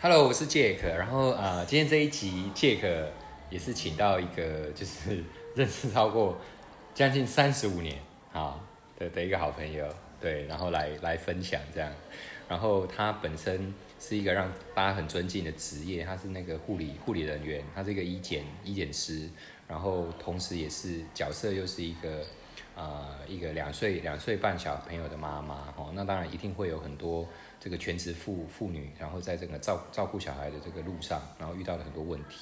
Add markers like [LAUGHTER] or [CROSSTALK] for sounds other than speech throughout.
哈嘍，Hello, 我是傑克，然後啊、呃、今天這一集傑克也是請到一個就是認識超過將近三十五年啊的的一個好朋友，對，然後來來分享這樣。然後他本身是一個讓大家很尊敬的職業，他是那個護理護理人員，他這個醫檢醫檢師，10, 然後同時也是角色又是一個。呃，一個兩歲兩歲半小朋友的媽媽，哦，那當然一定會有很多這個全職婦婦女，然後在這個照照顧小孩的這個路上，然後遇到了很多問題，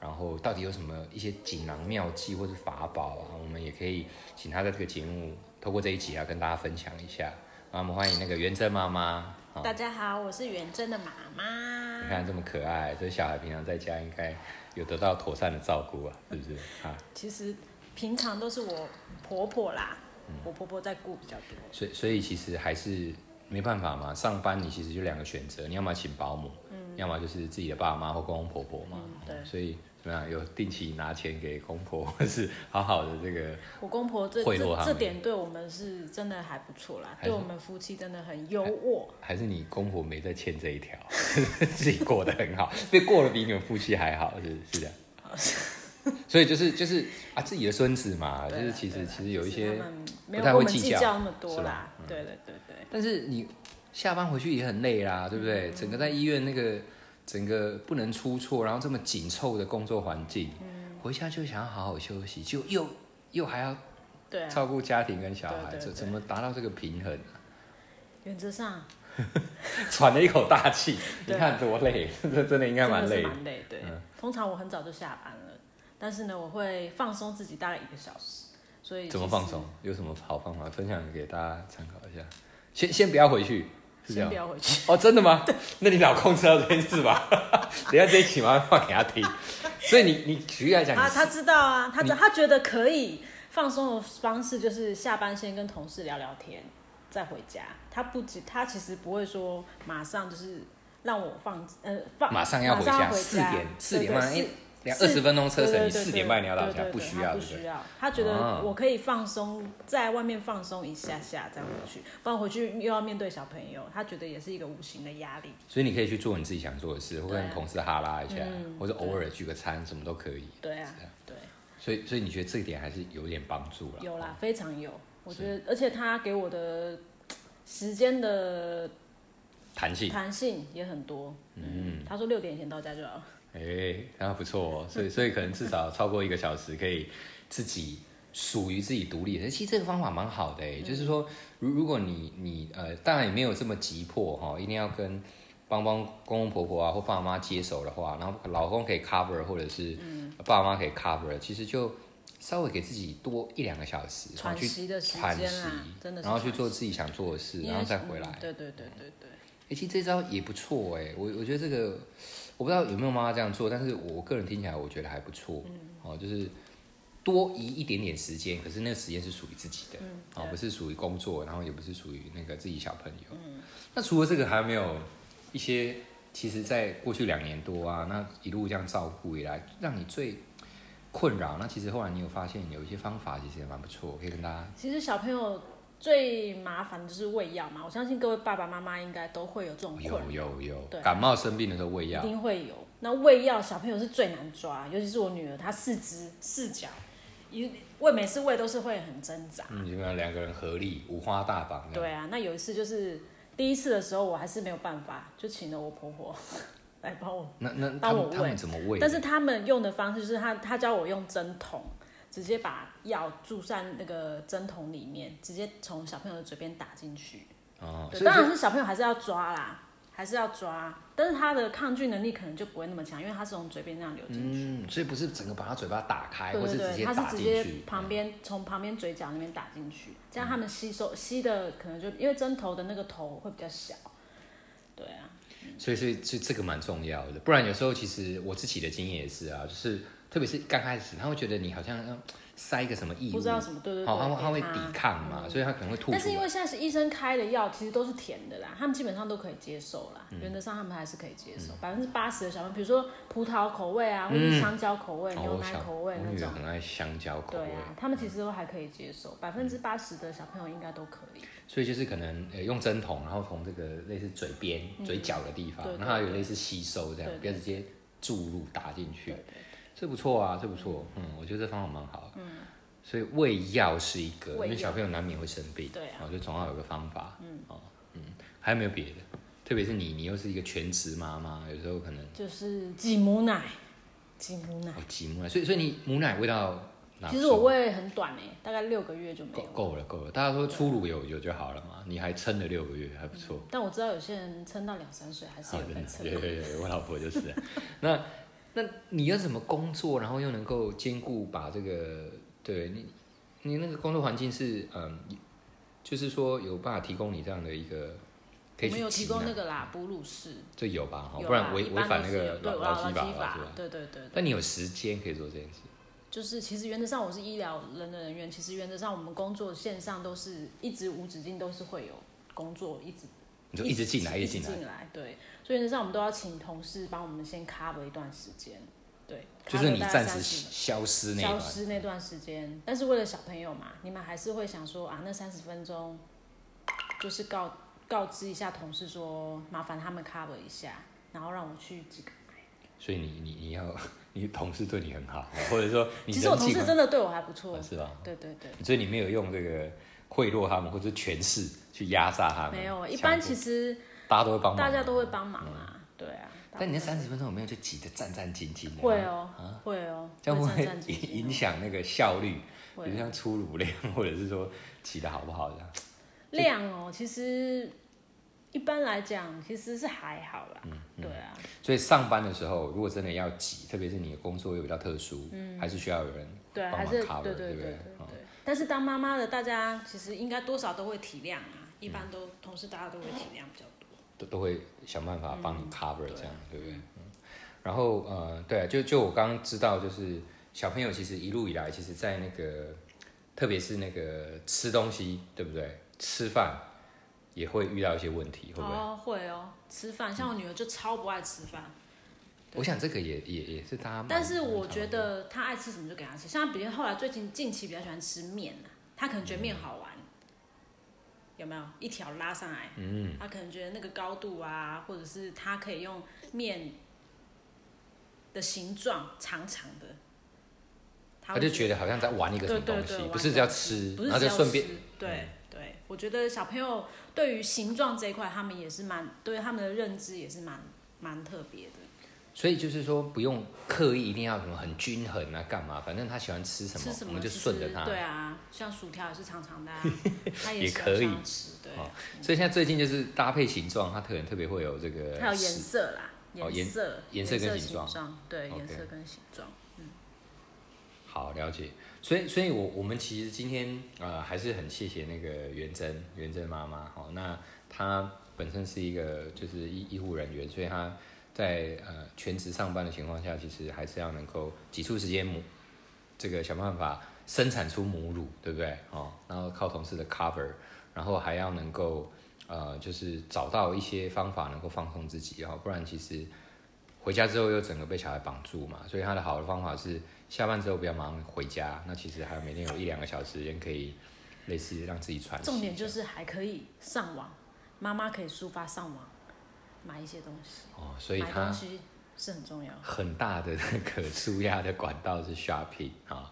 然後到底有什麼一些錦囊妙計或是法寶啊？我們也可以請她在這個節目透過這一集啊，跟大家分享一下。那我們歡迎那個沅錚媽媽。哦、大家好，我是沅錚的媽媽。你看這麼可愛，這小孩平常在家應該有得到妥善的照顧啊，是不是啊？其實。平常都是我婆婆啦，嗯、我婆婆在顧比較多。所以所以其實還是沒辦法嘛，上班你其實就兩個選擇，你要麼請保姆，嗯，要麼就是自己的爸媽或公公婆婆、婆嘛、嗯。對，所以怎麼樣有定期拿錢給公婆，是好好的這個。我公婆這這、這點對我們是真的還不錯啦，是對我們夫妻真的很優渥。還是你公婆沒在欠這一條， [LAUGHS] 自己過得很好， [LAUGHS] 所以過得比你們夫妻還好，是是這樣。所以就是就是啊，自己的孫子嘛，就是其實其實有一些不太會計較那麼多是吧，對對對對。但是你下班回去也很累啦，對不對？整個在醫院那個整個不能出錯，然後這麼緊湊的工作環境，回家就想要好好休息，就又又還要對照顧家庭跟小孩子，怎麼達到這個平衡？原則上喘了一口大氣，你看多累，這真的應該蠻累的。蠻累，對。通常我很早就下班了。但是呢，我會放鬆自己大概一個小時，所以、就是、怎麼放鬆？有什麼好方法分享給大家參考一下？先先不要回去，是不是先不要回去？ [LAUGHS] 哦，真的嗎？對， [LAUGHS] 那你老公知道這件事吧？ [LAUGHS] [LAUGHS] 等下這一期要放給他聽。所以你你舉例來講，啊，他知道啊，他你他覺得可以放鬆的方式就是下班先跟同事聊聊天，再回家。他不止，他其實不會說馬上就是讓我放呃放，馬上要回家，四點四點半二十分鐘車程，你四點半你要到家，不需要，不需要。他覺得我可以放鬆，在外面放鬆一下下，再回去。不然回去又要面對小朋友，他覺得也是一個無形的壓力。所以你可以去做你自己想做的事，或跟同事哈拉一下，或者偶爾聚個餐，什麼都可以。對啊，對。所以，所以你覺得這一點還是有點幫助了？有啦，非常有。我覺得，而且他給我的時間的彈性，彈性也很多。嗯，他說六點以前到家就好了。哎、欸，那不錯，喔，所以所以可能至少超過一個小時可以自己屬於自己獨立的。其實這個方法蠻好的、欸，哎，嗯、就是說，如果如果你你呃，當然也沒有這麼急迫哈，一定要跟幫幫公公婆婆啊或爸媽接手的話，然後老公可以 cover 或者是爸媽可以 cover，其實就稍微給自己多一兩個小時喘息的時間，然後去做自己想做的事，然後再回來。對對對對對。哎，其實這招也不錯哎、欸，我我覺得這個。我不知道有沒有媽媽這樣做，但是我個人聽起來我覺得還不錯。嗯，哦，就是多一一點點時間，可是那個時間是屬於自己的，嗯，哦，不是屬於工作，然後也不是屬於那個自己小朋友。嗯，那除了這個，還有沒有一些？其實，在過去兩年多啊，那一路這樣照顧以來，讓你最困擾？那其實後來你有發現有一些方法，其實也蠻不錯，可以跟大家。其實小朋友。最麻煩的就是餵藥嘛，我相信各位爸爸媽媽應該都會有這種困擾有有有，對，感冒生病的時候餵藥，一定會有。那餵藥小朋友是最難抓，尤其是我女兒，她四肢四腳，餵每次餵都是會很掙扎。嗯，你們兩個人合力，五花大綁。對啊，那有一次就是第一次的時候，我還是沒有辦法，就請了我婆婆來幫我。那那他們幫我餵，他們怎麼餵？但是他們用的方式就是他，他他教我用針筒。直接把藥注在那個針筒裡面，直接從小朋友的嘴邊打進去。哦，所以是，對，當然是小朋友還是要抓啦，還是要抓。但是他的抗拒能力可能就不會那麼強，因為他是從嘴邊那樣流進去、嗯。所以不是整個把他嘴巴打開，或、嗯、是直接打進去對對對。他是直接旁邊從、嗯、旁邊嘴角那邊打進去，這樣他們吸收吸的可能就因為針頭的那個頭會比較小。對啊，嗯、所以所以所以這個蠻重要的，不然有時候其實我自己的經驗也是啊，就是。特別是剛開始，他會覺得你好像要塞一個什麼異物，不知道什麼，對對對，他他會抵抗嘛，所以他可能會吐出來。但是因為現在是醫生開的藥，其實都是甜的啦，他們基本上都可以接受啦，原則上他們還是可以接受。百分之八十的小朋友，比如說葡萄口味啊，或者是香蕉口味，牛奶口味那種，我女兒很愛香蕉口味，對啊，他們其實都還可以接受，百分之八十的小朋友應該都可以。所以就是可能呃用針筒，然後從這個類似嘴邊、嘴角的地方，然後有類似吸收這樣，不要直接注入打進去。這不錯啊，這不錯，嗯，我覺得這方法蠻好的。所以餵藥是一個，因為小朋友難免會生病，對，我就總要有個方法，嗯，還有沒有別的？特別是你，你又是一個全職媽媽，有時候可能就是擠母奶，擠母奶，哦，擠母奶，所以所以你母奶味道，其實我餵很短，大概六個月就夠夠了，夠了，大家說初乳有有就好了嘛，你還撐了六個月，還不錯，但我知道有些人撐到兩三歲還是很難撐，對對對，我老婆就是，那。那你要怎麼工作，然後又能夠兼顧把這個？對你，你那個工作環境是嗯，就是說有辦法提供你這樣的一個，可以提供那個啦，哺乳室，這是有吧？有啦不然違違反那個勞基法，對對對，對。但你有時間可以做這件事？就是其實原則上我是醫療人的人員，其實原則上我們工作線上都是一直無止境，都是會有工作一直。就一直進來，一直進來,來，對，所以呢，則我們都要請同事幫我們先 cover 一段時間，對，就是你暫時消失那段時間，時嗯、但是為了小朋友嘛，你們還是會想說啊，那三十分鐘，就是告告知一下同事說，麻煩他們 cover 一下，然後讓我去擠個奶。所以你你你要你同事對你很好，或者說你，其實我同事真的對我還不錯、啊，是吧？對,對對對。所以你沒有用這個。賄賂他們，或者是權勢去壓榨他們。沒有，一般其實大家都會幫大家都會幫忙啊，對啊。但你那三十分鐘有沒有就擠得戰戰兢兢的？會哦，會哦。這樣會影影響那個效率，比如像出乳量，或者是說擠的好不好這樣。量哦，其實一般來講其實是還好啦，對啊。所以上班的時候，如果真的要擠，特別是你的工作又比較特殊，還是需要有人幫忙 cover，對不對？但是當媽媽的，大家其實應該多少都會體諒啊。一般都、嗯、同事大家都會體諒比較多，都都會想辦法幫你 cover、嗯、這樣，對啊、對不對？嗯、然後呃，對、啊，就就我剛剛知道，就是小朋友其實一路以來，其實在那個，特別是那個吃東西，對不對？吃飯也會遇到一些問題，哦、會不會？會哦，吃飯像我女兒就超不愛吃飯。嗯我想這個也也也是他，但是我覺得他愛吃什麼就給他吃。像比如後來最近近期比較喜歡吃麵，他可能覺得麵好玩，嗯、有沒有？一條拉上來，嗯、他可能覺得那個高度啊，或者是他可以用面的形狀長長的，他,他就覺得好像在玩一個什麼東西，對對對對不是只要吃，就不是要順便。對、嗯、對，我覺得小朋友對於形狀這一塊，他們也是蠻，對他們的認知也是蠻蠻特別的。所以就是說，不用刻意一定要什麼很均衡啊，幹嘛？反正他喜歡吃什麼，什麼我們就順着他。對啊，像薯條也是長長的，他也， [LAUGHS] 也可以吃。對，哦嗯、所以現在最近就是搭配形狀，它可能特別會有這個。嗯、有顏、這個、色啦，顏、哦、色，顏色跟形狀，對，顏 okay 色跟形狀，嗯。好，了解。所以，所以我我們其實今天呃，還是很謝謝那個沅錚沅錚媽媽。好、哦，那她本身是一個就是醫醫護人員，所以她。在呃全職上班的情況下，其實還是要能夠擠出時間母，這個想辦法生產出母乳，對不對？哦，然後靠同事的 cover，然後還要能夠呃就是找到一些方法能夠放鬆自己，然後不然其實回家之後又整個被小孩綁住嘛。所以他的好的方法是下班之後不要忙回家，那其實還每天有一兩個小時時間可以類似讓自己喘。重點就是還可以上網，媽媽可以抒發上網。買一些東西哦，所以它是很重要，很大的那個舒壓的管道是 shopping 啊、哦，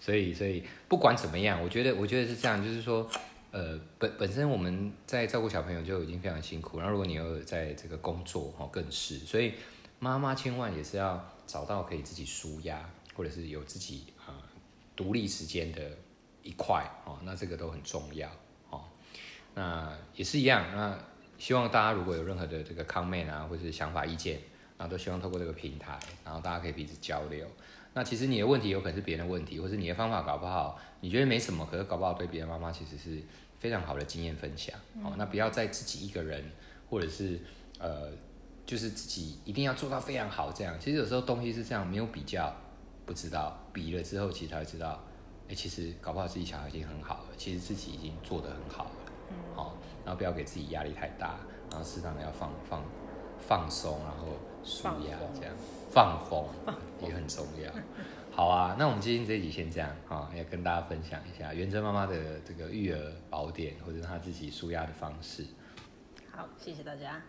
所以所以不管怎麼樣，我覺得我覺得是這樣，就是說，呃，本本身我們在照顧小朋友就已經非常辛苦，然後如果你又在這個工作哈、哦、更是，所以媽媽千萬也是要找到可以自己舒壓，或者是有自己啊呃、獨立時間的一塊、哦、那這個都很重要、哦、那也是一樣那。希望大家如果有任何的這個 comment 啊，或者是想法意見，然後都希望透過這個平台，然後大家可以彼此交流。那其實你的問題有可能是別人的問題，或是你的方法搞不好，你覺得沒什麼，可是搞不好對別人媽媽其實是非常好的經驗分享。好、嗯哦，那不要再自己一個人，或者是呃，就是自己一定要做到非常好。這樣其實有時候東西是這樣，沒有比較不知道，比了之後其實才知道，哎、欸，其實搞不好自己小孩已經很好了，其實自己已經做得很好了。好、嗯。哦然後不要給自己壓力太大，然後適當的要放放放鬆，然後舒壓，放鬆這樣放鬆 [LAUGHS] 也很重要。好啊，那我們今天這一集先這樣啊，要跟大家分享一下沅錚媽媽的這個育兒寶典，或者她自己舒壓的方式。好，謝謝大家。